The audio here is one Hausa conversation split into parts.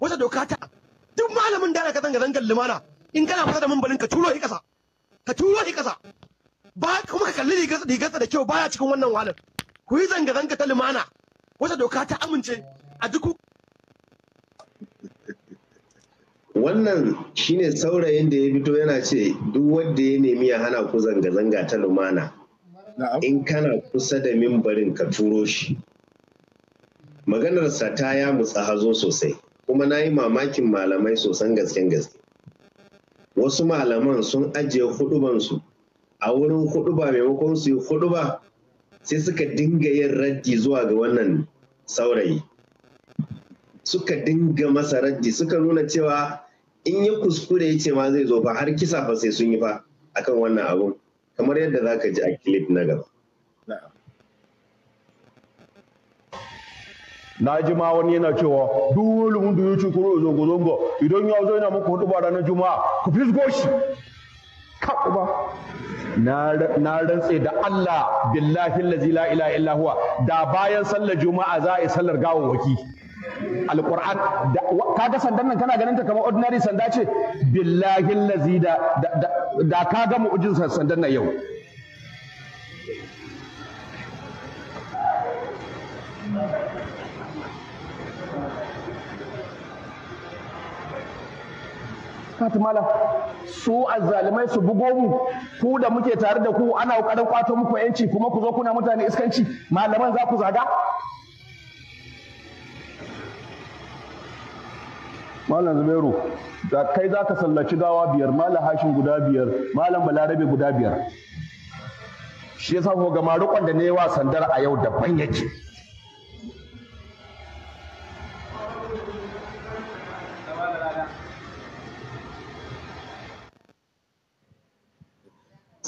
wata doka ta duk malamin da ka zanga zangar limana in kana fasa da mumbalin ka turo shi kasa ka turo shi kasa ba kuma ka kalli rigarsa da kyau baya cikin wannan wahalar ku yi zanga zanga ta limana wata doka ta amince a duk wannan shine saurayin da ya fito yana ce duk wanda ya nemi ya hana ku zanga zanga ta lumana in kana kusa da mimbarin ka turo shi maganarsa ta ya mutsa hazo sosai kuma na yi mamakin malamai sosan gasken gaske wasu malaman sun ajiye hudubansu a wurin huduba maimakon su yi huduba sai suka dinga yin raddi zuwa ga wannan saurayi suka dinga masa raddi suka nuna cewa in yi kuskure ya ce ma zai zo ba har kisa ba sai sun yi fa akan wannan abun kamar yadda za ka ji a clip na gaba. na ji ma wani yana cewa duk wulumin da ci kuro zongo zongo idan ya zo yana muku hudu ba ranar juma'a ku fisgo shi ka ba. na rantse da Allah billahi allazi la ilaha illa huwa da bayan sallar juma'a za a yi sallar gawawwaki alquran kaga sandan nan kana ganin ta kamar ordinary sanda ce billahi allazi da da, ka ga mu ujin sandan nan yau katmala su azzalimai su bugo mu ku da muke tare da ku ana kokarin kwato muku yanci kuma ku zo kuna mutane iskanci malaman za ku zaga malam zubairu da kai za ka sallaci gawa biyar malam hashin guda biyar malam balarabe guda biyar shi yasa ko ga marukon da ne wa sandar a yau daban yake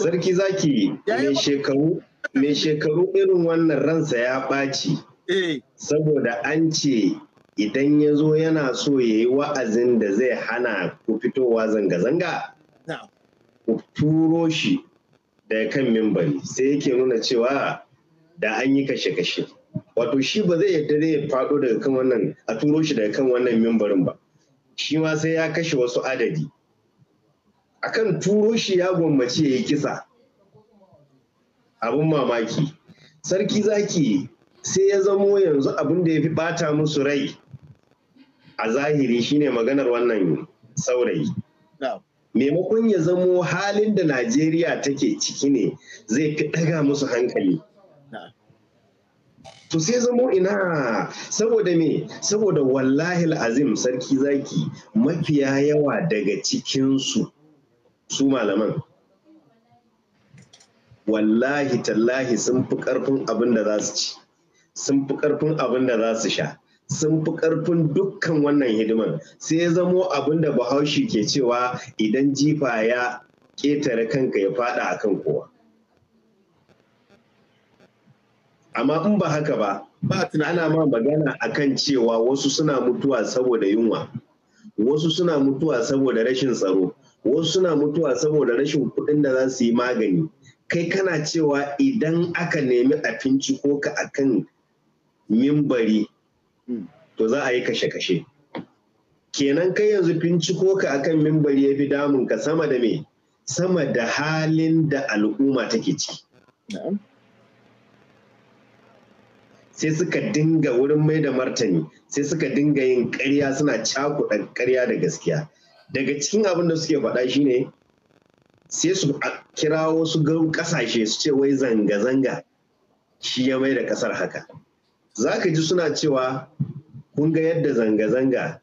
sarki zaki mai shekaru mai shekaru irin wannan ransa ya ɓaci eh. saboda an ce idan ya zo yana so ya yi wa'azin da zai hana ku fitowa zanga-zanga ku turo shi daga kan mimbari sai yake nuna cewa da an yi kashe-kashe wato shi ba zai yadda zai faɗo daga kan wannan a turo shi daga kan wannan mimbarin ba shi ma sai ya kashe wasu adadi akan turo shi ya gwammace ya yi kisa abin mamaki sarki zaki sai ya zamo yanzu abin da ya fi bata musu rai a zahiri shine maganar wannan saurayi maimakon ya zamo halin da najeriya take ciki ne zai fi ɗaga musu hankali to sai zamo ina saboda me saboda wallahi azim sarki zaki mafiya yawa daga cikinsu su malaman wallahi tallahi sun fi ƙarfin abin da za su ci sun fi ƙarfin abin da za su sha sun fi ƙarfin dukkan wannan hidiman sai ya zamo abin da bahaushe ke cewa idan jifa ya ƙetare kanka ya faɗa a kan kowa amma in ba haka ba ba ana ma magana a kan cewa wasu suna mutuwa saboda yunwa wasu suna mutuwa saboda rashin tsaro wasu suna mutuwa saboda rashin kuɗin da za su yi magani kai kana cewa idan aka nemi a ko ka akan mimbari hmm. to za a yi kashe-kashe kenan kai yanzu ko ka akan mimbari ya fi damun ka sama da me sama da halin da al'umma take ci. sai suka dinga wurin mai da martani sai suka dinga yin ƙarya suna cakuɗa karya da gaskiya daga cikin abin da suke faɗa shine sai su kira wasu ƙasashe su ce wai zanga-zanga shi ya mai da ƙasar haka za ka ji suna cewa kun ga yadda zanga-zanga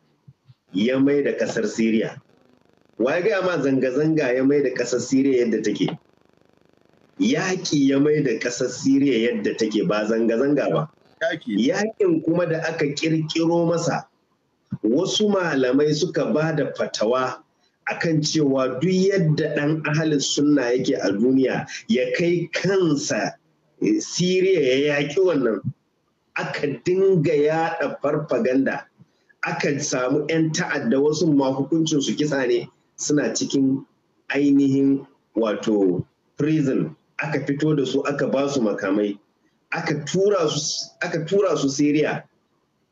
ya mai da ƙasar siriya ya gaya ma zanga-zanga ya mai da ƙasar siriya yadda take yaƙi ya mai da ƙasar siriya yadda take ba zanga-zanga ba yaƙin kuma da aka ƙirƙiro masa wasu malamai suka ba da fatawa a kan cewa duk yadda ɗan ahalin sunna yake a duniya ya kai kansa eh, siriya ya yaƙi wannan aka dinga yaɗa farfaganda aka samu 'yan ta'adda wasu ma hukuncinsu su kisa ne suna cikin ainihin wato prison aka fito da su aka ba su makamai aka tura su siriya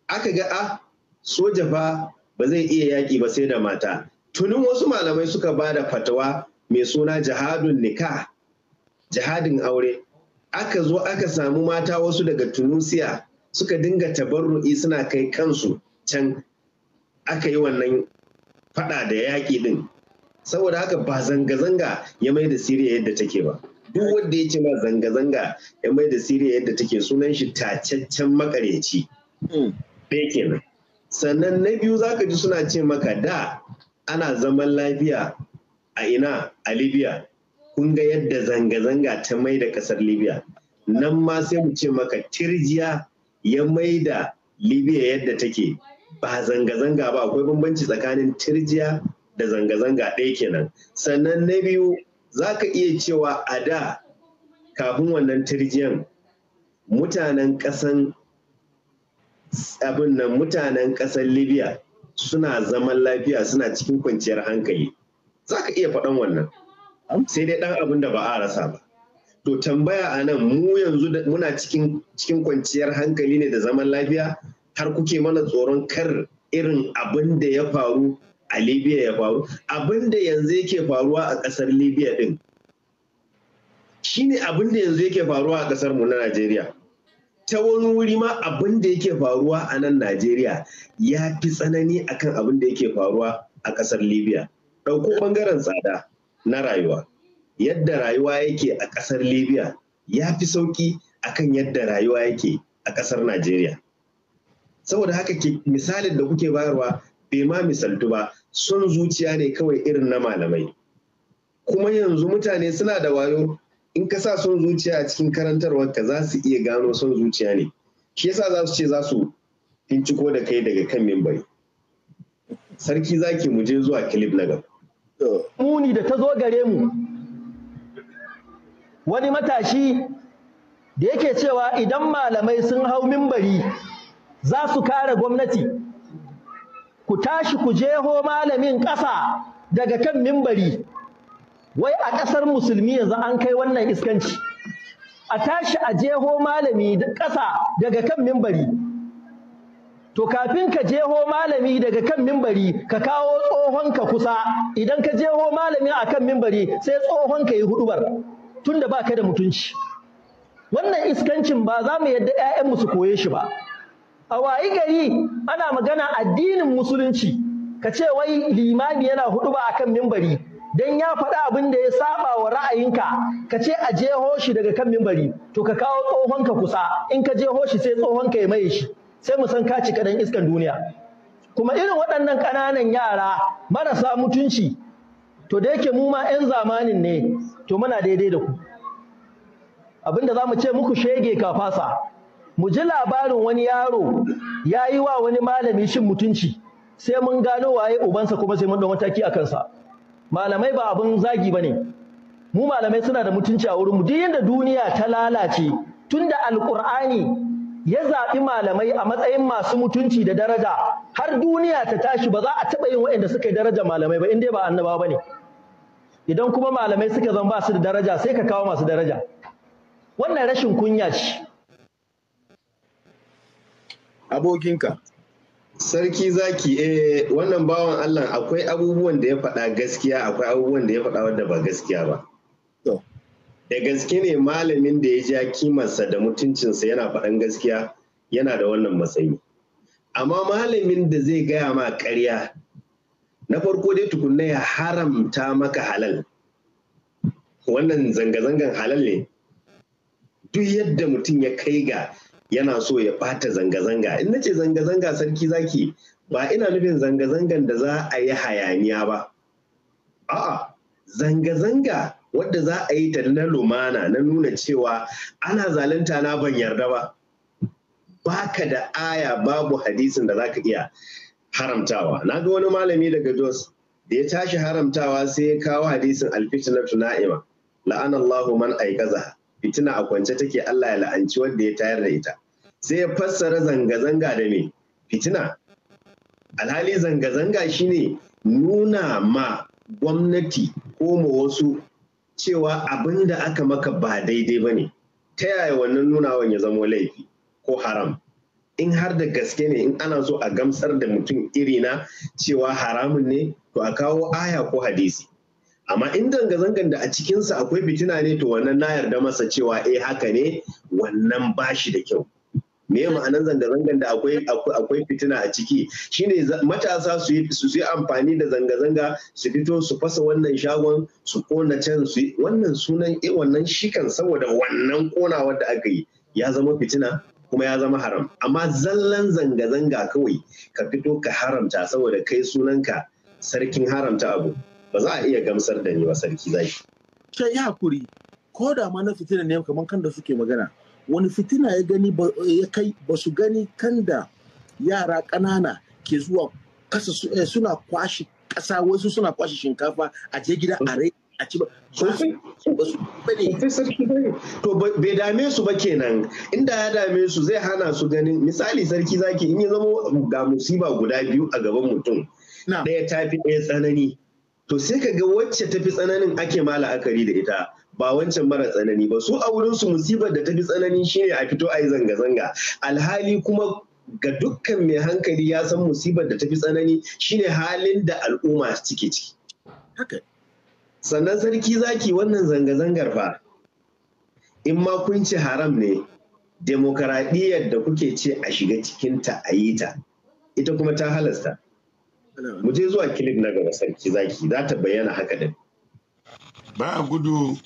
aka ga a ah, soja fa ba zai iya yaƙi ba sai da mata tunin wasu malamai suka ba da fatawa mai suna jihadun nika, jihadin aure aka zo aka samu mata wasu daga tunusiya suka dinga tabarru'i suna kai kansu can aka yi wannan fada da yaƙi din saboda haka ba zanga-zanga ya mai da siriya yadda take ba duk wanda ya ce ma zanga-zanga ya mai da siriya yadda take sunan shi tacaccen makareci hmm. ɗaya kenan sannan na biyu za ka ji suna ce maka da ana zaman lafiya a ina a libya kun ga yadda zanga-zanga ta mai da kasar libya nan ma sai mu ce maka tirjiya ya mai da libya yadda take ba zanga-zanga ba akwai bambanci tsakanin tirjiya da zanga-zanga ɗaya kenan sannan na biyu za ka iya cewa a da kafin wannan tirjiyan mutanen ƙasan abin nan mutanen ƙasar libya suna zaman lafiya suna cikin kwanciyar hankali za ka iya faɗan wannan sai dai ɗan abin da ba a rasa ba to tambaya a nan mu yanzu muna cikin kwanciyar hankali ne da zaman lafiya har kuke mana tsoron kar irin abin da ya faru a libya ya faru abin da yanzu yake faruwa a ƙasar libya ɗin shine abin da yanzu yake faruwa a ƙasar mu na najeriya ta wani wuri ma abin da yake faruwa a nan Najeriya ya fi tsanani akan abin da yake faruwa a ƙasar Libya. Ɗauko ɓangaren tsada na rayuwa. Yadda rayuwa yake a ƙasar Libya ya fi sauƙi akan yadda rayuwa yake a ƙasar Najeriya. Saboda haka misalin da kuke bayarwa bai ma misaltu ba son zuciya ne kawai irin na malamai. Kuma yanzu mutane suna da wayo in ka sa son zuciya a cikin karantarwar ka za su iya gano son zuciya ne shi yasa za su ce za su binciko da kai daga kan mimbari sarki zaki mu je zuwa kilif na gaba muni da ta zo gare mu wani matashi da yake cewa idan malamai sun hau mimbari za su kare gwamnati ku tashi ku jeho malamin ƙasa daga kan mimbari wai a ƙasar musulmi yanzu an kai wannan iskanci a tashi a jeho malami ƙasa daga kan mimbari to kafin ka jeho malami daga kan mimbari ka kawo tsohon ka kusa idan ka jeho malami a kan mimbari sai tsohon ka yi hudubar tunda ba ka da mutunci wannan iskancin ba za mu yadda 'ya'yanmu su koye shi ba a wayi gari ana magana addinin musulunci ka ce wai limami yana huɗuba a kan mimbari Don ya faɗa abin da ya saba wa ra'ayinka ka ce a jeho shi daga kan mimbari to ka kawo tsohonka kusa in ka jeho shi sai tsohonka ya maye shi sai mu san ka ci kadan iskan duniya kuma irin waɗannan ƙananan yara marasa mutunci to da yake mu ma 'yan zamanin ne to muna daidai da ku abinda za mu ce muku shege kafasa mu ji labarin wani yaro ya yi wa wani malami shin mutunci sai mun gano waye ubansa kuma sai mun ɗan mataki a kansa malamai ba abin zagi ba ne mu malamai suna da mutunci a wurinmu duk yadda duniya ta lalace tunda alƙur'ani ya zaɓi malamai a matsayin masu mutunci da daraja har duniya ta tashi ba za a taɓa yin wa'inda suka yi daraja malamai ba in dai ba annaba ba ne idan kuma malamai suka zama ba su da daraja sai ka kawo masu daraja wannan rashin kunya ce abokinka Sarki zaki eh wannan bawan Allah akwai abubuwan da ya faɗa gaskiya akwai abubuwan da ya faɗa wanda ba gaskiya ba. Da gaske ne malamin da ya ja kimarsa da mutuncinsa yana faɗan gaskiya yana da wannan matsayi. Amma malamin da zai gaya ma ƙarya na farko dai tukunna ya haramta maka halal. Wannan zanga-zangan halal ne. Duk yadda mutum ya kai ga yana so ya ɓata zanga-zanga in na ce zanga-zanga sarki zaki ba ina nufin zanga-zangan da za a yi hayaniya ba a'a zanga-zanga wadda za a yi ta na lumana na nuna cewa ana zalunta na ban yarda ba baka da aya babu hadisin da za ka iya haramtawa na ga wani malami daga jos da ya tashi haramtawa sai ya kawo hadisin alfitinatu na'ima la'anallahu man aikaza fitina a kwance take Allah ya la'anci wanda ya tayar da ita sai ya fassara zanga-zanga da me fitina alhali zanga-zanga shine nuna ma gwamnati ko ma wasu cewa abin da aka maka ba daidai ba ne ta yaya wannan nunawan ya zamo laifi ko haram in har da gaske ne in ana so a gamsar da mutum irina cewa haramun ne to a kawo aya ko hadisi amma in zanga-zangan da a cikinsa akwai fitina ne to wannan na yarda masa cewa eh haka ne wannan ba shi da kyau me ma'anan zanga-zangan da akwai fitina a ciki shine matasa su yi amfani da zanga-zanga su fito su fasa wannan shagon su kona can su wannan sunan eh wannan shikan saboda wannan kona wanda aka yi ya zama fitina kuma ya zama haram amma zallan zanga-zanga kawai ka fito ka haramta saboda kai sunanka sarkin haramta abu ba za a iya gamsar da ni ba sarki zai ke ya hakuri ko da ma na fitina ne kamar kan da suke magana wani fitina ya gani ya kai ba su gani kan da yara ƙanana ke zuwa kasa eh, suna kwashi ƙasa wasu suna kwashi shinkafa a je gida a rai a ci ba to bai dame su ba kenan inda ya dame su zai hana su gani, misali sarki zaki in ya zama ga musiba guda biyu a gaban mutum ɗaya tafi ɗaya tsanani to sai ka ga wacce tafi tsananin ake ma la'akari da ita ba wancan mara tsanani ba su a wurinsu musibar da tafi tsanani shine a fito a yi zanga-zanga alhali kuma ga dukkan mai hankali ya san musibar da tafi tsanani shine halin da al'umma cike ciki sannan sarki zaki wannan zanga-zangar fa in ma kun ci haram ne demokaradiyyar da kuke ce a shiga cikinta a yi ta ita kuma ta halasta mu je zuwa kilif na gaba sarki zaki za ta bayyana haka din ba gudu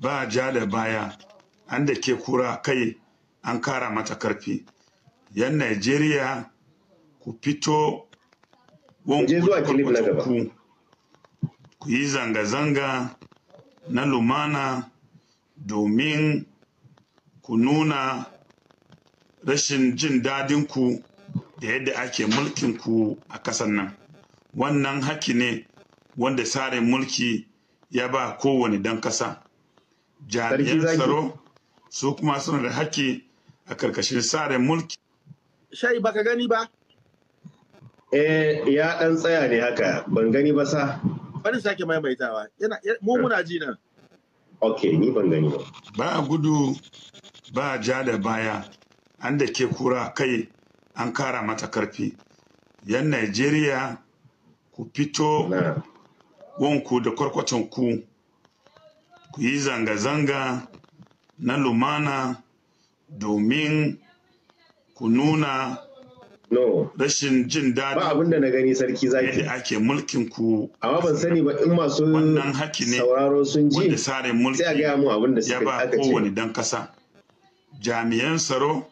ba ja da baya an da ke kura kai an kara mata karfi yan Najeriya ku fito je zuwa ku yi zanga-zanga na lumana domin ku nuna rashin jin dadinku da yadda ake mulkin ku a kasan nan wannan haki ne wanda tsarin mulki ya ba kowane dan kasa jami'an tsaro su kuma suna da haki a karkashin tsarin mulki shai baka gani ba eh ya dan tsaya ne haka ban gani ba sa bari sake maimaitawa yana mu muna ji nan ok ni ban gani ba ba gudu ba ja da baya an da ke kura kai an kara mata karfi yan Najeriya ku fito wanku da kwarkwatan ku ku yi zanga-zanga na lumana domin ku nuna rashin jin daɗi ba a na yadda ake mulkin ku in masu wannan haki ne sauraro wanda sare mulki ya ba kowane dan kasa jami'an tsaro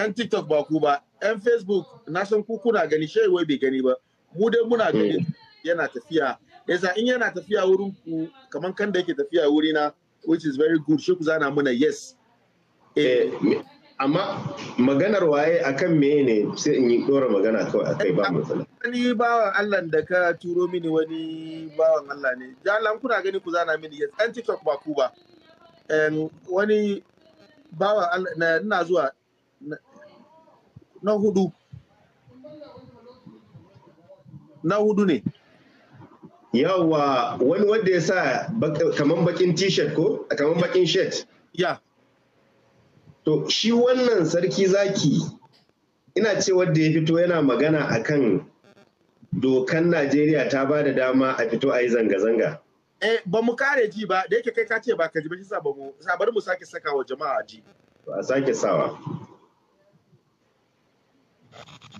'yan tiktok ba ku ba 'yan facebook na san ku kuna gani shaiwai bai gani ba mu dai muna gani hmm. yana tafiya yasa in yana tafiya wurin ku kamar kan da yake tafiya wurina which is very good shi ku zana muna yes eh, eh amma maganar waye akan meye ne sai in yi dora magana kawai akai ba matsala wani bawan Allah da ka turo mini wani bawan Allah ne jalan kuna gani ku zana mini yes an tiktok ba ku ba wani bawan Allah na zuwa na hudu na hudu ne yawa wani wanda ya sa kaman bakin t-shirt ko kaman bakin shirt ya to shi wannan sarki zaki ina ce wanda ya fito yana magana akan dokan najeriya ta ba da dama a fito a yi zanga-zanga eh ba mu kare ji ba da yake kai ka ce ba ka ji ba shi sa ba mu mu sake saka wa jama'a ji ba sake sawa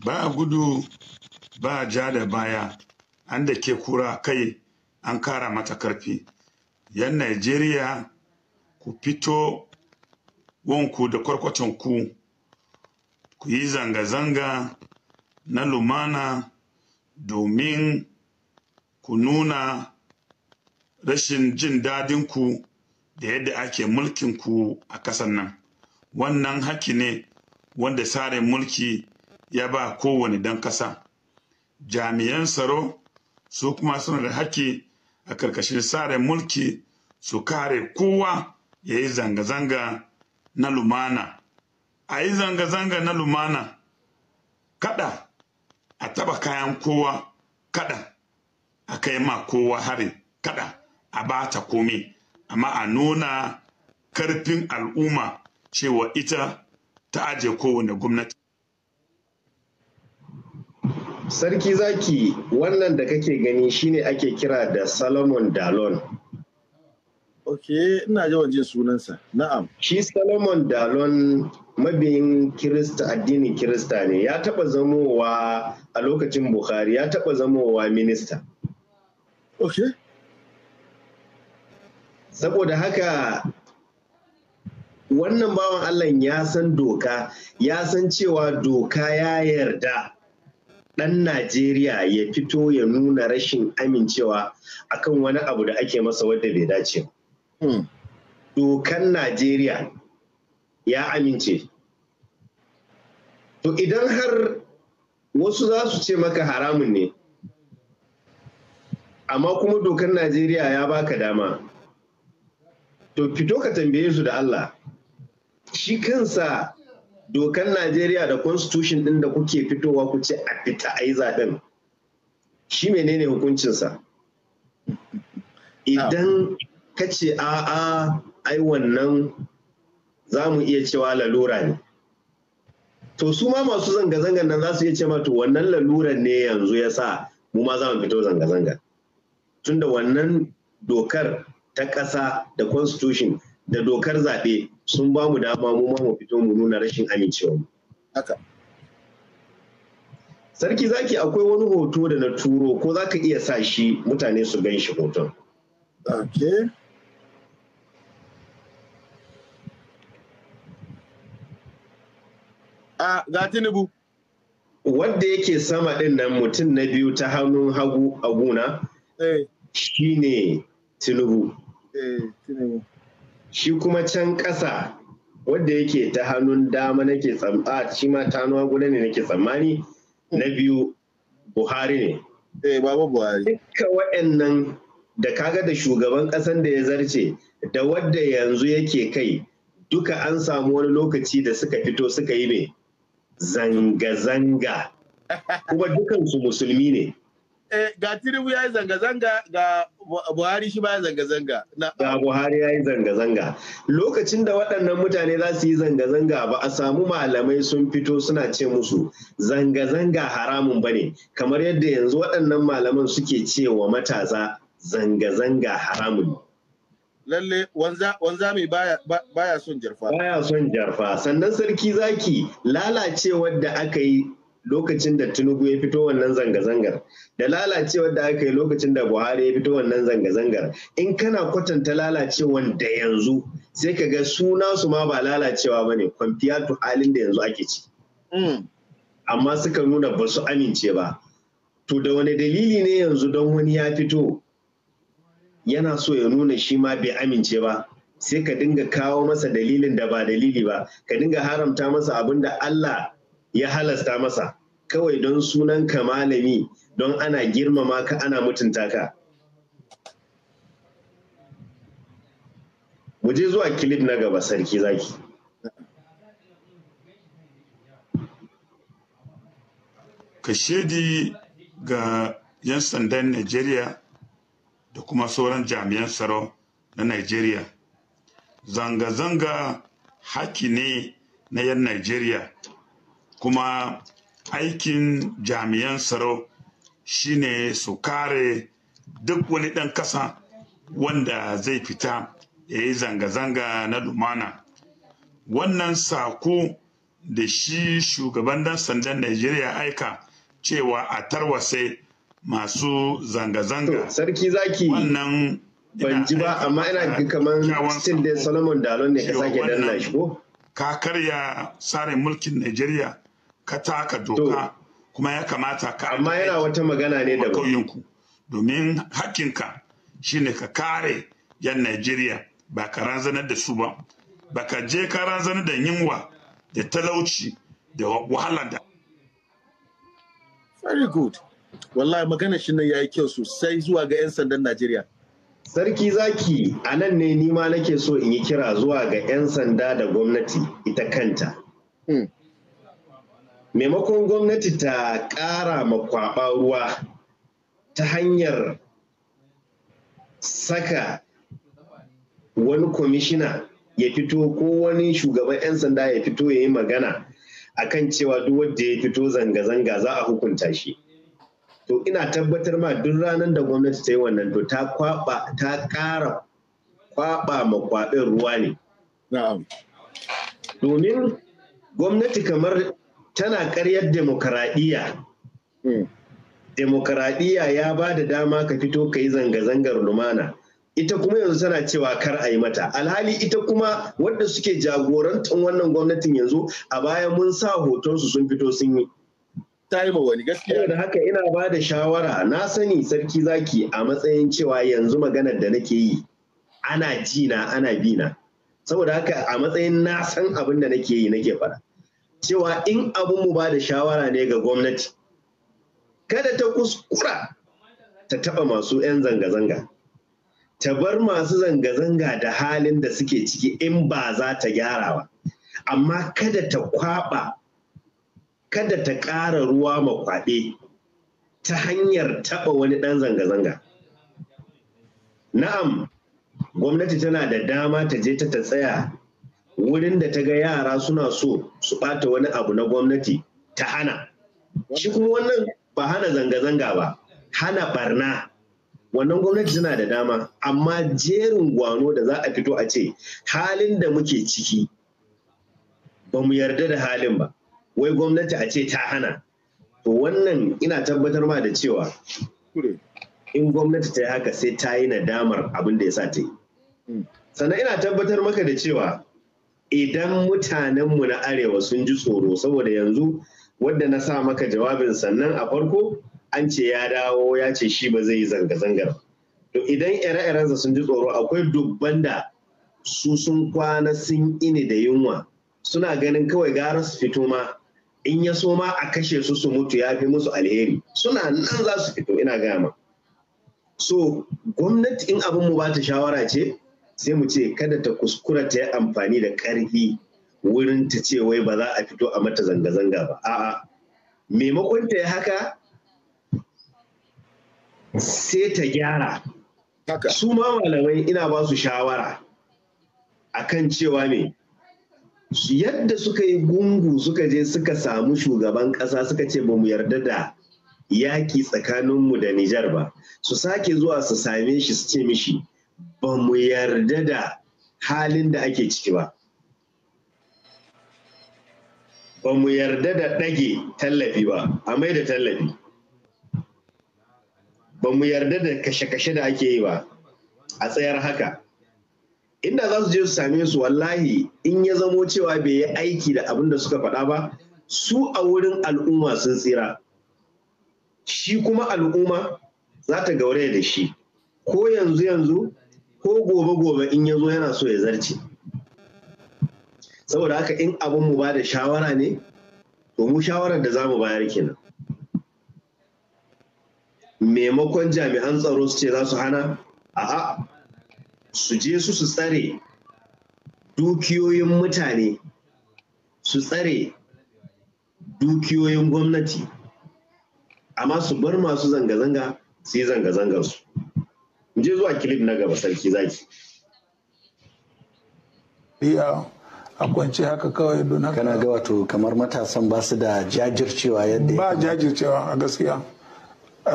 ba gudu ba ja da baya an da ke kura kai an kara mata karfi yan najeriya ku fito wanku da kwarkwatanku ku yi zanga-zanga na lumana domin ku nuna rashin jin dadinku da yadda ake mulkinku a ƙasar nan wannan haki ne wanda tsarin mulki ya ba kowane dan ƙasa jami'an tsaro su kuma suna da haƙƙi a ƙarƙashin tsarin mulki su kare kowa ya yi zanga-zanga na lumana a yi zanga-zanga na lumana kada a taba kayan kowa kada a kai ma kowa hari kada a ba ta komi amma a nuna karfin al'umma cewa ita ta aje kowane gwamnati Sarki zaki wannan da kake gani shine ake kira da Salomon Dalon. Ok, ina yawan jin sunansa, na'am. Shi Salomon Dalon mabiyin Kirista addinin Kirista ne, ya taɓa zamowa a lokacin Bukhari, ya taɓa zamowa minista. Ok. Saboda haka wannan bawan Allah ya san doka, ya san cewa doka ya yarda. ɗan Najeriya ya fito ya nuna rashin amincewa akan wani abu da ake masa wadda bai dace. Hmm. Dokan Najeriya ya amince. To idan har wasu za su ce maka haramun ne, amma kuma dokan Najeriya ya baka dama. To fito ka tambaye su da Allah, shi kansa dokan Najeriya da constitution ɗin da kuke fitowa ku ce a fita a yi zaɓen shi menene hukuncinsa idan ka ce a'a ai wannan za mu iya cewa lalura ne to su ma masu zanga-zangar nan za su iya ce to wannan lalura ne yanzu ya sa mu ma za mu fito zanga-zanga tunda wannan dokar ta ƙasa da constitution da dokar zaɓe sun ba mu dama mu ma mu fito mu nuna rashin amincewa mu. Sarki zaki akwai wani hoto da na turo ko za ka iya sa shi mutane su gan shi hoton. A ga Tinubu. Wanda yake sama ɗin nan mutum na biyu ta hannun hagu a guna. Eh. Shi ne Tinubu. Eh, shi kuma can ƙasa wadda yake ta hannun dama nake tsamma, shi ma ta nuwa guda ne nake tsammani na biyu buhari ne eh babu buhari duka waɗannan da kaga da shugaban ƙasan da ya zarce da wadda yanzu yake kai duka an samu wani lokaci da suka fito suka yi mai zanga-zanga kuma dukansu musulmi ne Eh, ga Tinubu ya yi zanga-zanga ga Buhari shi ba zanga-zanga. Ga Buhari ya yi zanga-zanga. Lokacin da waɗannan mutane za su yi zanga-zanga ba a samu malamai sun fito suna ce musu zanga-zanga haramun ba ne. Kamar yadda yanzu waɗannan malaman suke cewa matasa zanga-zanga haramun. Lalle wanzami baya son jarfa. Baya son jarfa. Sannan sarki zaki lalacewar da aka yi lokacin da Tinubu ya fito wannan zanga-zangar da lalacewar da aka yi lokacin da Buhari ya fito wannan zanga-zangar in kana kwatanta lalacewar da yanzu sai ka ga suna su ma ba lalacewa ba ne kwamfiyatu halin da yanzu ake ci. Hmm. Amma suka nuna ba su amince ba. To da wani dalili ne yanzu don wani ya fito yana so ya nuna shi ma bai amince ba. sai ka dinga kawo masa dalilin da ba dalili ba ka dinga haramta masa abin da Allah ya halasta masa kawai don sunan ka malami don ana girmama ka ana mutunta ka mu je zuwa kilif na gaba sarki zaki shedi ga 'yan sandan Najeriya da kuma sauran jami'an tsaro na Najeriya. Zanga-zanga haki ne na 'yan Najeriya kuma aikin jami'an tsaro shine su kare duk wani ɗan ƙasa wanda zai fita ya yi zanga-zanga na lumana wannan sako da shi shugaban dan sandan najeriya aika cewa a tarwase masu zanga-zanga sarki zaki wannan ban ji ba amma ina kamar still dai solomon dalon ne ka sake danna shi ko ka karya tsarin mulkin najeriya ka taka doka kuma ya kamata ka amma yana wata magana ne da kauyenku domin hakkinka shine ka kare yan Najeriya ba ka ranzanar da su ba ba ka je ka ranzanar da yinwa da talauci da wahala da very good wallahi magana shi nan yayi kyau sosai zuwa ga yan sandan Najeriya Sarki zaki a nan ne nima nake so in yi kira zuwa ga 'yan sanda da gwamnati ita kanta. Hmm. maimakon gwamnati ta ƙara makwaɓa ruwa ta hanyar saka wani kwamishina ya fito ko wani shugaban 'yan sanda ya fito ya yi magana a kan cewa duk wanda ya fito zanga-zanga za a hukunta shi to ina tabbatar ma duk ranar da gwamnati ta yi wannan to ta kwaba ta ƙara kwaba makwaɓin ruwa ne domin gwamnati kamar tana karyar demokaradiyya hmm. demokaradiyya ya ba da dama ka fito ka yi zanga-zangar lumana ita kuma yanzu tana cewa kar a yi mata alhali ita kuma wadda suke jagorantar wannan gwamnatin yanzu a baya mun sa hotonsu sun fito sun yi ta yi wani gaskiya da haka ina ba da shawara na sani sarki zaki a matsayin cewa yanzu maganar da nake yi ana jina, ana bina, saboda haka a matsayin na san abin da nake yi nake fara cewa in abin mu ba da shawara ne ga gwamnati kada ta kuskura ta taɓa masu 'yan zanga-zanga ta bar masu zanga-zanga da halin da suke ciki in ba za ta gyara ba amma kada ta kwaɓa kada ta ƙara ruwa makwaɓe ta hanyar taɓa wani ɗan zanga-zanga na'am gwamnati tana da dama ta je ta tsaya wurin da ta ga yara suna so su ɓata wani abu na gwamnati ta hana shi kuma wannan ba hana zanga-zanga ba hana barna wannan gwamnati suna da dama amma jerin gwano da za a fito a ce halin da muke ciki ba mu yarda da halin ba wai gwamnati a ce ta hana to wannan ina tabbatar ma da cewa in gwamnati ta yi haka sai ta yi nadamar abin da ya sa ta yi hmm. sannan ina tabbatar maka da cewa idan mutanenmu na arewa sun ji tsoro saboda yanzu wadda na sa maka jawabin sannan a farko an ce ya dawo ya ce shi ba zai yi zanga-zangar to idan ire-irensa sun ji tsoro akwai dubban da su sun kwana sun ini da yunwa suna ganin kawai gara su fito ma in ya so ma a kashe su su mutu ya fi musu alheri suna nan za su fito ina gama so gwamnati in abin mu ba ta shawara ce sai mu ce kada ta kuskura ta yi amfani da ƙarfi wurin ta ce wai ba za a fito a mata zanga-zanga ba a'a maimakon ta yi haka sai ta gyara su ma malamai ina ba su shawara kan cewa me yadda suka yi gungu suka je suka samu shugaban ƙasa suka ce ba mu yarda da yaƙi tsakaninmu da Nijar ba su sake zuwa su same shi su ce mishi ba mu yarda da halin da ake ciki ba ba mu yarda da ɗage tallafi ba a mai da tallafi ba mu yarda da kashe-kashe da ake yi ba a tsayar haka inda za su je su same su wallahi in ya zamo cewa bai yi aiki da abin da suka faɗa ba su a wurin al'umma sun tsira shi kuma al'umma za ta gaure da shi ko yanzu yanzu ko gobe gobe in ya zo yana so ya zarce saboda haka in abin mu ba da shawara ne to mu shawarar da za mu bayar kenan maimakon jami'an tsaro su ce za su hana a'a su je su su tsare dukiyoyin mutane su tsare dukiyoyin gwamnati amma su bar masu zanga-zanga su yi zanga-zangarsu je zuwa kilif na gaba sarki zaki. Iya a kwance haka kawai don haka. Kana ga wato kamar matasan ba su da jajircewa yadda Ba jajircewa a gaskiya.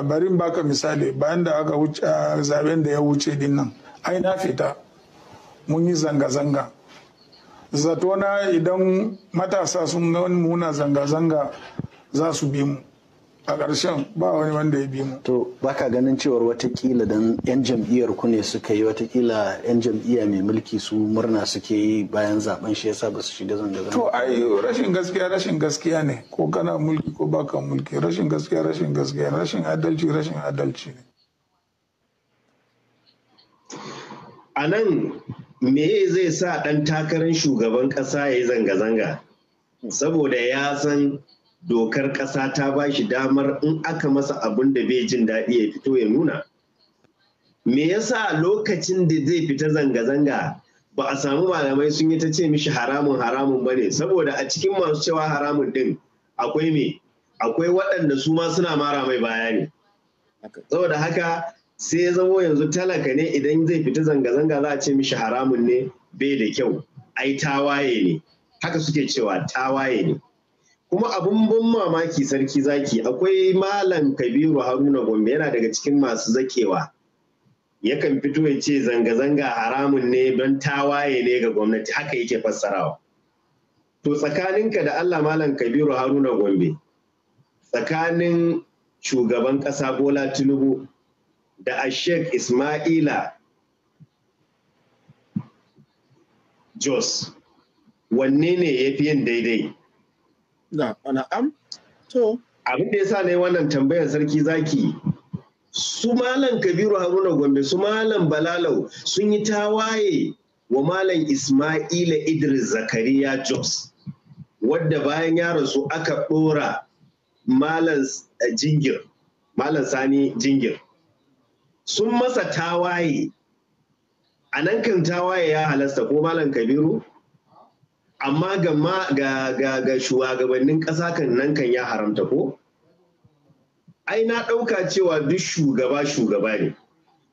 Bari baka misali bayan da aka wuce zaben da ya wuce din nan. Ai na fita mun yi zanga-zanga. zato na idan matasa sun ga muna zanga-zanga za su bi mu. a ƙarshen ba wani wanda ya bi mu. To ka ganin cewar watakila don 'yan jam'iyyar ku ne suka yi watakila 'yan jam'iyya mai mulki su murna suke yi bayan zaben shi yasa ba su shiga zanga zanga. To ai rashin gaskiya rashin gaskiya ne ko kana mulki ko baka mulki rashin gaskiya rashin gaskiya rashin adalci rashin adalci ne. A nan me zai sa ɗan takarar shugaban ƙasa ya yi zanga-zanga saboda ya san dokar ƙasa ta ba shi damar in aka masa abin da bai jin daɗi ya fito ya nuna me yasa lokacin da zai fita zanga-zanga ba a samu malamai sun yi ta ce mishi haramun haramun ba ne saboda a cikin masu cewa haramun din akwai me akwai waɗanda su ma suna mara mai bayani? ne saboda haka sai ya zamo yanzu talaka ne idan zai fita zanga-zanga za a ce mishi haramun ne bai da kyau ai tawaye ne haka suke cewa tawaye ne kuma abin ban mamaki sarki zaki akwai malam kabiru haruna gombe yana daga cikin masu zakewa yakan fito ya ce zanga-zanga haramun ne don tawaye ne ga gwamnati haka yake fassarawa to tsakaninka da allah malam kabiru haruna gombe tsakanin shugaban ƙasa bola tinubu da ashek ismaila jos wanne ne ya fi yin daidai na'am to abin da ya sa ne wannan tambayar sarki zaki su malam kabiru haruna gombe su malam balalau sun yi tawaye wa malam ismaila idris zakariya jos wadda bayan yaron su aka ɗora malam eh, jingir malam sani jingir sun masa tawaye a nan kan tawaye ya halasta ko malam kabiru amma ga shugabannin ƙasa kan nan kan ya haramta ko ai na ɗauka cewa duk shugaba shugaba ne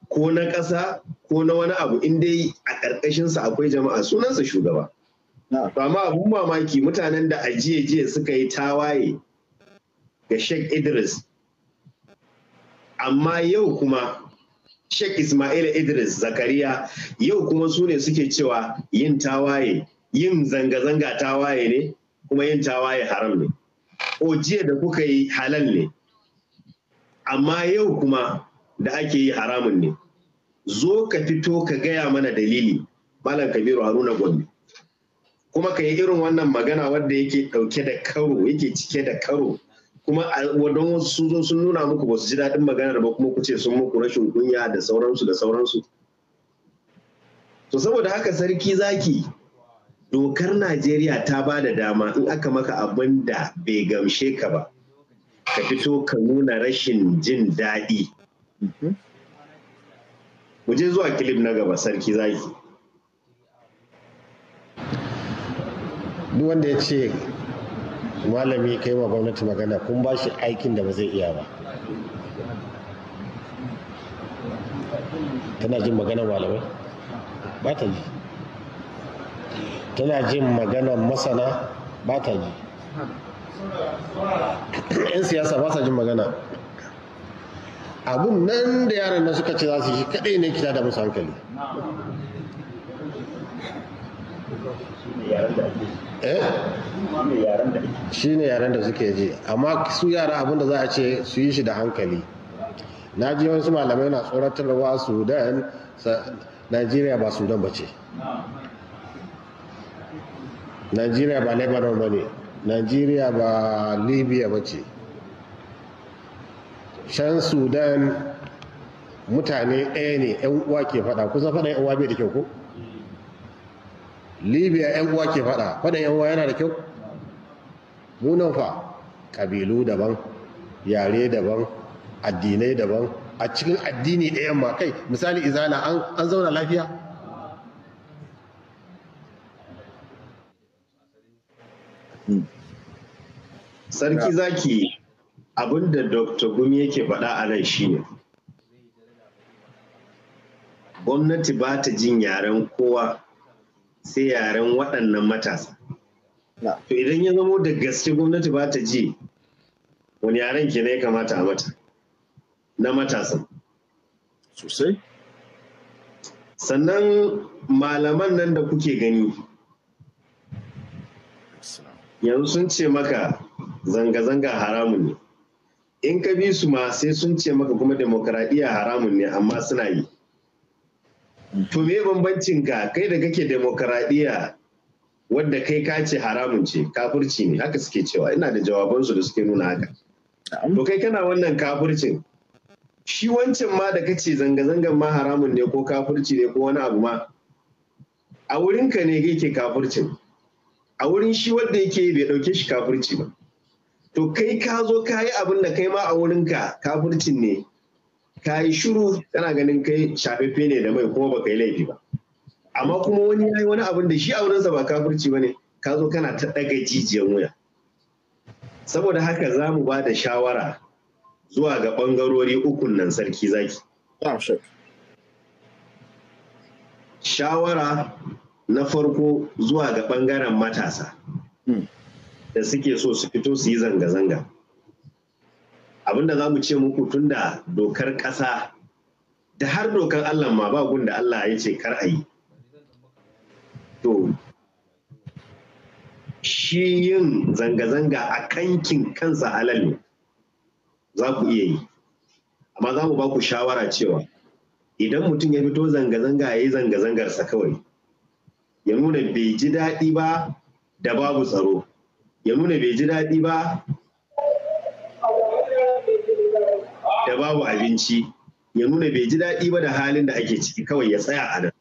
ko na ƙasa ko na wani abu in dai a ƙarƙashinsa akwai jama'a sunansa shugaba amma abun mamaki mutanen da ajiye-jiye suka yi tawaye ga sheikh idris amma yau kuma sheikh ismail idris zakariya yau kuma su ne suke cewa yin tawaye yin zanga-zanga tawaye ne kuma yin tawaye haram ne ko jiya da kuka yi halal ne amma yau kuma da ake yi haramun ne zo ka fito ka gaya mana dalili malam kabiru haruna gombe kuma ka yi irin wannan magana wadda yake ɗauke da karo yake cike da karo kuma wadon wasu sun sun nuna muku ba su ji daɗin maganar ba kuma ku ce sun muku rashin kunya da sauransu da sauransu to saboda haka sarki zaki dokar najeriya ta ba da dama in aka maka abin da bai gamshe ka ba ka fito ka nuna rashin jin daɗi mu je zuwa kilif na gaba sarki zaki duk wanda ya ce malami kai wa gwamnati magana kun ba shi aikin da ba zai iya ba tana jin magana malamai ba ta ji tana jin maganar masana ba ta ji yan siyasa ba sa jin magana abun nan da yaran nan suka ce za su yi kadai ne kira da musu hankali eh? shi ne yaren da suke ji amma su yara abin da za a ce su yi shi da hankali na ji wasu malamai na tsoratarwa sudan najeriya ba sudan ba ce nigeria ba lebanon ba ne nigeria ba libya ba ce shan sudan mutane ɗaya ne yan uwa ke fada kusa fada yan uwa bai da kyau ko libya yan uwa ke fada fada yan uwa yana da kyau munan fa ƙabilu daban yare daban addinai daban a cikin addini ɗayan ma kai misali izala an zauna lafiya sarki zaki abinda dr gumi yake faɗa a nan ne. gwamnati ba ta jin yaren kowa sai yaren waɗannan matasa to idan ya zamo da gaske gwamnati ba ta ji wani yaren ke ya kamata a mata na matasa. sosai sannan malaman nan da kuke gani yanzu sun ce maka zanga-zanga haramun ne in ka bi su ma sai sun ce maka kuma demokradiyya haramun ne amma suna yi to me bambancin ka kai da kake demokradiyya wadda kai ka ce haramun ce kafurci ne haka suke cewa ina da jawabansu da suke nuna haka to kai kana wannan kafurcin. shi wancan ma da kace zanga-zangan ma haramun ne ko kafurci ne ko wani abu ma a wurinka ne yake kafurcin? a wurin shi wanda yake bai dauke shi kafirci ba to kai ka zo ka yi abin da kai ma a wurinka kafircin ne ka yi shuru tana ganin kai shafaffe ne da mai kuma baka yi laifi ba amma kuma wani ya yi wani abin da shi a wurinsa ba kafirci ba ne ka zo kana ta ɗaga jijiyan wuya saboda haka za mu ba da shawara zuwa ga ɓangarori ukun nan sarki zaki shawara na farko zuwa ga ɓangaren matasa hmm. da suke so su fito su yi zanga-zanga abinda za mu ce muku tunda dokar ƙasa da har dokar allah ma ba da allah ya ce kar a yi to shi yin zanga-zanga a kankin kansa halal za ku iya yi amma za mu ba ku shawara cewa idan mutum ya fito zanga-zanga ya yi zanga-zangarsa kawai ya nuna bai ji daɗi ba da babu tsaro ya nuna bai ji daɗi ba da babu abinci ya nuna bai ji daɗi ba da halin da ake ciki kawai ya tsaya a nan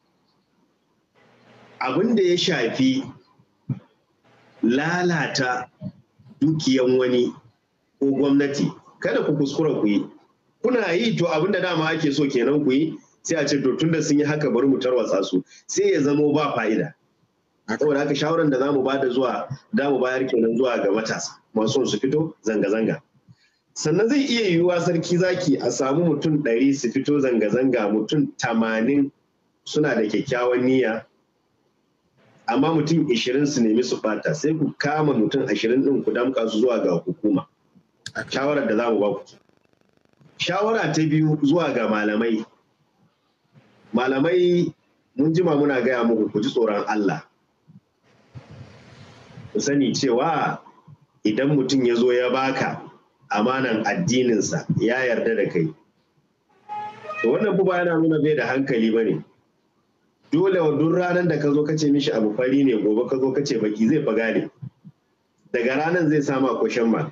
abin da ya shafi lalata dukiyan wani ko gwamnati kada ku kuskura ku yi kuna yi to abin da dama ake so kenan ku yi sai a ce to tunda sun yi haka bari mu tarwatsa su sai ya zamo ba fa'ida saboda haka shawaran da zamu bada zuwa damu bayar kenan zuwa ga matasa masu su fito zanga-zanga sannan zai iya yiwuwa sarki zaki a samu mutum ɗari su fito zanga-zanga mutum tamanin suna da kyakkyawan niyya amma mutum ashirin su nemi su fata sai ku kama mutum ashirin ɗin ku damka su zuwa ga hukuma shawarar da zamu ba ku shawara ta biyu zuwa ga malamai malamai mun jima muna gaya muku ku ji tsoron Allah ku sani cewa idan mutum ya zo ya baka amanan addininsa ya yarda da kai to wannan ba yana nuna bai da hankali ba ne dole wa duk ranar da ka zo ka ce mishi abu fari ne gobe ka zo ka ce baki zai faga ne. daga ranar zai sama kwashen ma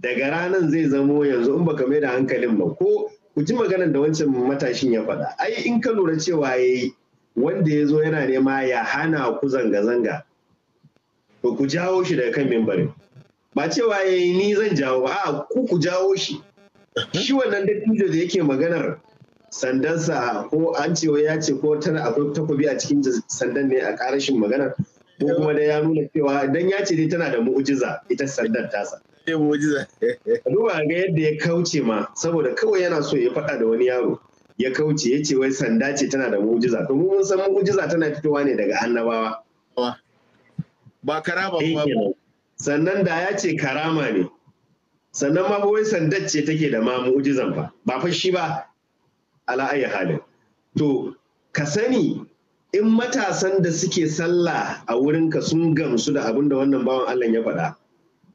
daga ranar zai zamo yanzu in baka mai da hankalin ba ko ku ji maganar da wancan matashin ya faɗa ai in ka lura cewa ya yi wanda ya zo yana nema ya hana ku zanga-zanga ba ku jawo shi daga kan mimbarin ba cewa ya yi ni zan jawo ba a ku ku jawo shi shi wannan dattijo da yake maganar sandansa ko an ce ya ce ko tana akwai takobi a cikin sandan ne a karashin maganar ko kuma dai ya nuna cewa dan ya ce dai tana da mu'ujiza ita sandar tasa ya mu'ujiza duba ga yadda ya kauce ma saboda kawai yana so ya faɗa da wani yaro ya kauce ya ce wai sanda ce tana da mu'ujiza to mun san mu'ujiza tana fitowa ne daga annabawa ba karama ba sannan da ya ce karama ne sannan ma wai sandar ce take da ma mu'ujizan fa ba fa shi ba ala halin to ka sani in matasan da suke sallah a wurinka sun gamsu da abin da wannan bawan Allah ya faɗa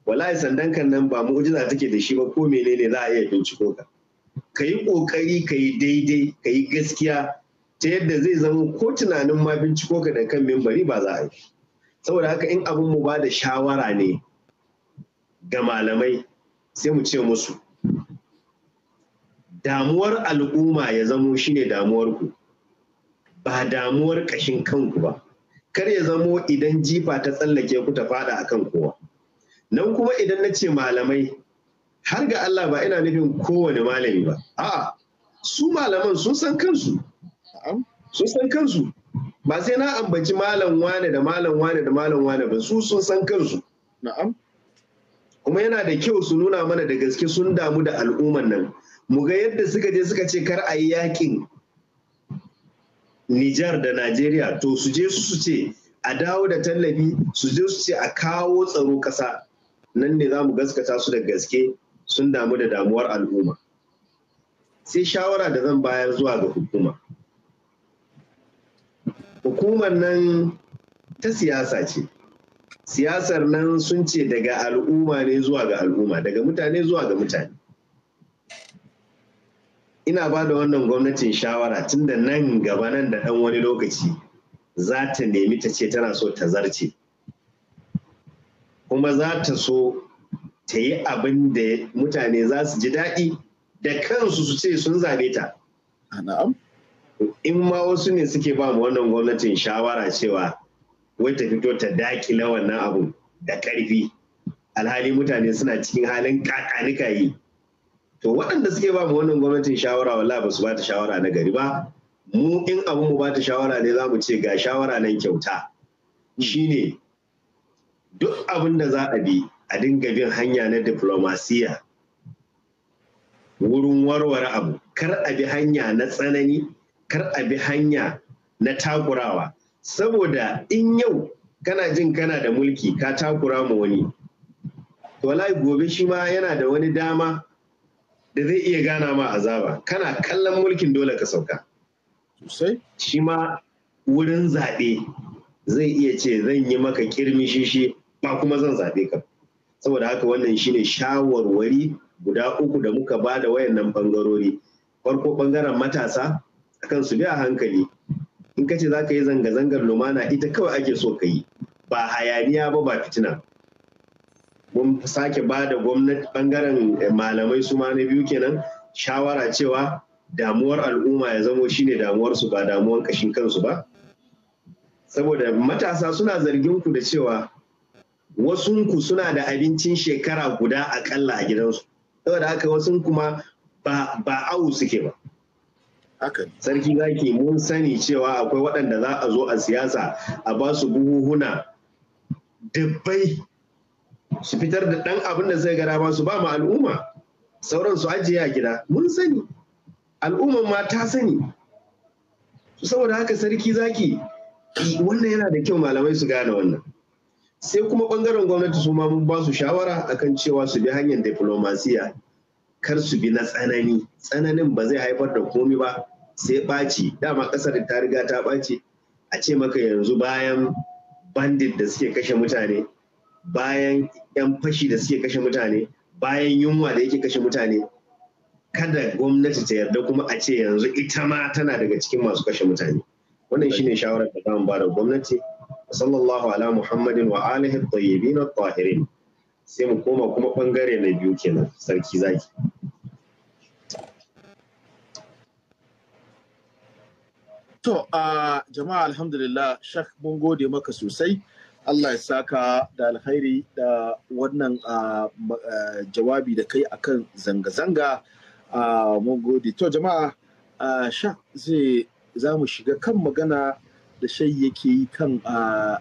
wallahi sandan kan nan ba mu'jiza take da shi ba ko menene za a iya binciko ka ka yi ƙoƙari ka yi daidai ka yi gaskiya ta yadda zai zama ko tunanin ma binciko ka da kan membari ba za a yi saboda haka in abin mu ba da shawara ne ga malamai sai mu ce musu damuwar al'umma ya zamo shine damuwar ku ba damuwar ƙashin kanku ba kar ya zamo idan jifa ta tsallake ku ta fada a kan kowa nan kuma idan na ce malamai har ga Allah ba ina nufin kowane malami ba a'a su malaman sun san kansu sun san kansu ba sai na ambaci malam wane da malam wane da malam wane ba su sun san kansu na'am kuma yana da kyau su nuna mana da gaske sun damu da al'umman nan mu ga yadda suka je suka ce kar a yi yakin Nijar da Najeriya to su je su ce a dawo da tallafi su je su ce a kawo tsaro ƙasa nan ne za mu gaskata su da gaske sun damu da damuwar al'umma. Sai shawara da zan bayar zuwa ga hukuma. Hukumar nan ta siyasa ce. Siyasar nan sun ce daga al'umma ne zuwa ga al'umma, daga mutane zuwa ga mutane. ina ba da wannan gwamnatin shawara tun da nan gaba nan da ɗan wani lokaci za ta nemi ta ce tana so ta zarce kuma za ta so ta yi abin da mutane za su ji daɗi da kansu su ce sun zaɓe ta in ma wasu ne suke ba mu wannan gwamnatin shawara cewa wai ta fito ta na wannan abu da ƙarfi alhali mutane suna cikin halin kakanika yi to waɗanda suke ba mu wannan gwamnatin shawara wala ba su ba ta shawara na gari ba mu in abin mu ba ta shawara ne za mu ce ga shawara nan kyauta shine duk abin da za a bi a dinga bin hanya na diplomasiya wurin warware abu kar a bi hanya na tsanani kar a bi hanya na takurawa saboda in yau kana jin kana da mulki ka takura ma wani wallahi gobe shi ma yana da wani dama da zai iya gana ma azaba kana kallon mulkin dole ka sauka sosai shi ma wurin zaɓe zai iya ce zan yi maka kirmishi shi ba kuma zan zaɓe ka saboda haka wannan shine shawarwari guda uku da muka ba da wayannan bangarori farko bangaren matasa akan su bi a hankali in ka ce za ka yi zanga-zangar lumana ita kawai ake so ka yi ba hayaniya ba ba fitina mun sake ba da gwamnati bangaren eh, malamai su ma na biyu kenan shawara cewa damuwar al'umma ya zamo shine damuwarsu ba damuwar kashin kansu ba saboda matasa suna zargin ku da cewa wasunku suna da abincin shekara guda akalla a gidansu saboda haka wasun kuma ba, ba awu suke ba sarki zaki mun sani cewa akwai waɗanda za a zo a siyasa a ba su buhuhuna dubbai su fitar da ɗan abin da zai gara su ba ma al'umma sauran su ajiye a gida mun sani al'umman ma ta sani saboda haka sarki zaki wannan yana da kyau malamai su gane wannan sai kuma ɓangaren gwamnati su ma mun ba su shawara akan cewa su bi hanyar diplomasiya kar su bi na tsanani tsananin ba zai haifar da komi ba sai ɓaci dama ƙasar ta riga ta ɓaci a ce maka yanzu bayan bandit da suke kashe mutane bayan 'yan fashi da suke kashe mutane bayan yunwa da yake kashe mutane kada gwamnati ta yarda kuma a ce yanzu ita ma tana daga cikin masu kashe mutane wannan shine shawarar da zamu bada gwamnati sallallahu ala muhammadin wa alihi tayyibin tahirin sai mu koma kuma bangare na biyu kenan sarki zaki to a ah, jama'a alhamdulillah shak mun gode maka sosai Allah ya saka da alkhairi da wannan jawabi da kai akan zanga-zanga mun gode to jama'a sha zai za mu shiga kan magana da shai yake yi kan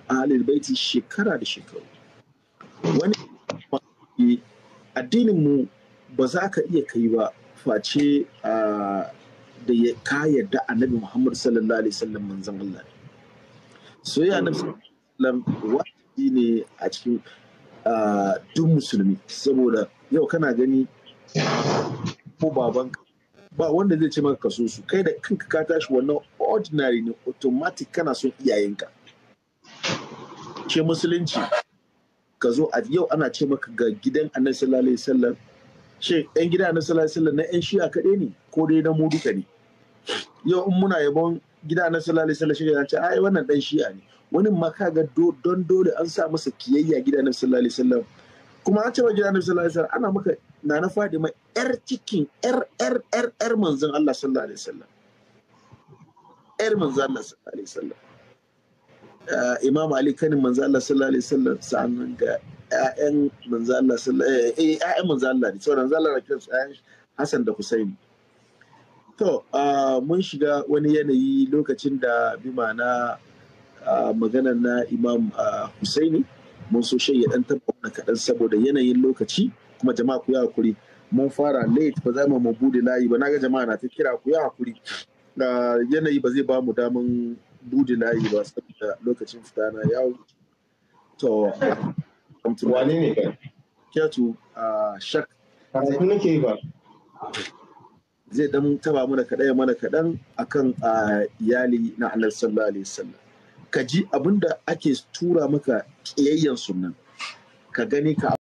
ahalil baiti shekara da shekaru wani addininmu ba za ka iya kai ba face da ya kayar yarda annabi muhammad sallallahu alaihi wasallam manzan Allah soyayya annabi wasallam wajibi ne a cikin duk musulmi saboda yau kana gani ko babanka ba wanda zai ce maka kaso su kai da kanka ka tashi wannan ordinary ne automatic kana son iyayenka ke musulunci ka zo a yau ana ce maka ga gidan annabi sallallahu alaihi wasallam she yan gidan annabi sallallahu alaihi wasallam na yan shi'a kaɗai ne ko dai na mu duka ne yau in muna yabon gida na sallallahu alaihi wasallam ce ai wannan dan shi'a ne wani ma kaga don dole an sa masa kiyayya gida na sallallahu alaihi wasallam kuma an ce wa gida na sallallahu alaihi wasallam ana maka na na Fadima yar cikin yar yar yar yar manzon Allah sallallahu alaihi wasallam yar manzon Allah sallallahu alaihi wasallam eh, Imam Ali kanin manzon Allah sallallahu alaihi wasallam sa'annan ga ƴaƴan manzon Allah sallallahu alaihi eh, ƴaƴan manzon Allah ne sauran zallar kiransu ƴaƴan Hassan da Husaini To, mun shiga wani yanayi lokacin da bima na magana na Imam Husaini, mun so shi ɗan taɓa kaɗan saboda yanayin lokaci kuma jama'a ku ya hakuri. Mun fara late ba za mu mu bude layi ba, naga jama'a na ta kira ku ya hakuri. Yanayi ba zai ba mu damun bude layi ba saboda lokacin fita na yawo. To, wani ne ba? Kyatu, shak. ba. zai dan taba mana kaɗan mana kaɗan a kan iyali na annabi sallallahu alaihi wasallam ka ji abinda ake tura maka kiyayyan sunan ka gani ka